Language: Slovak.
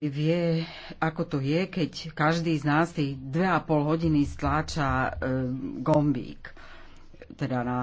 vie, ako to je, keď každý z nás tých 2,5 hodiny stláča e, gombík, teda na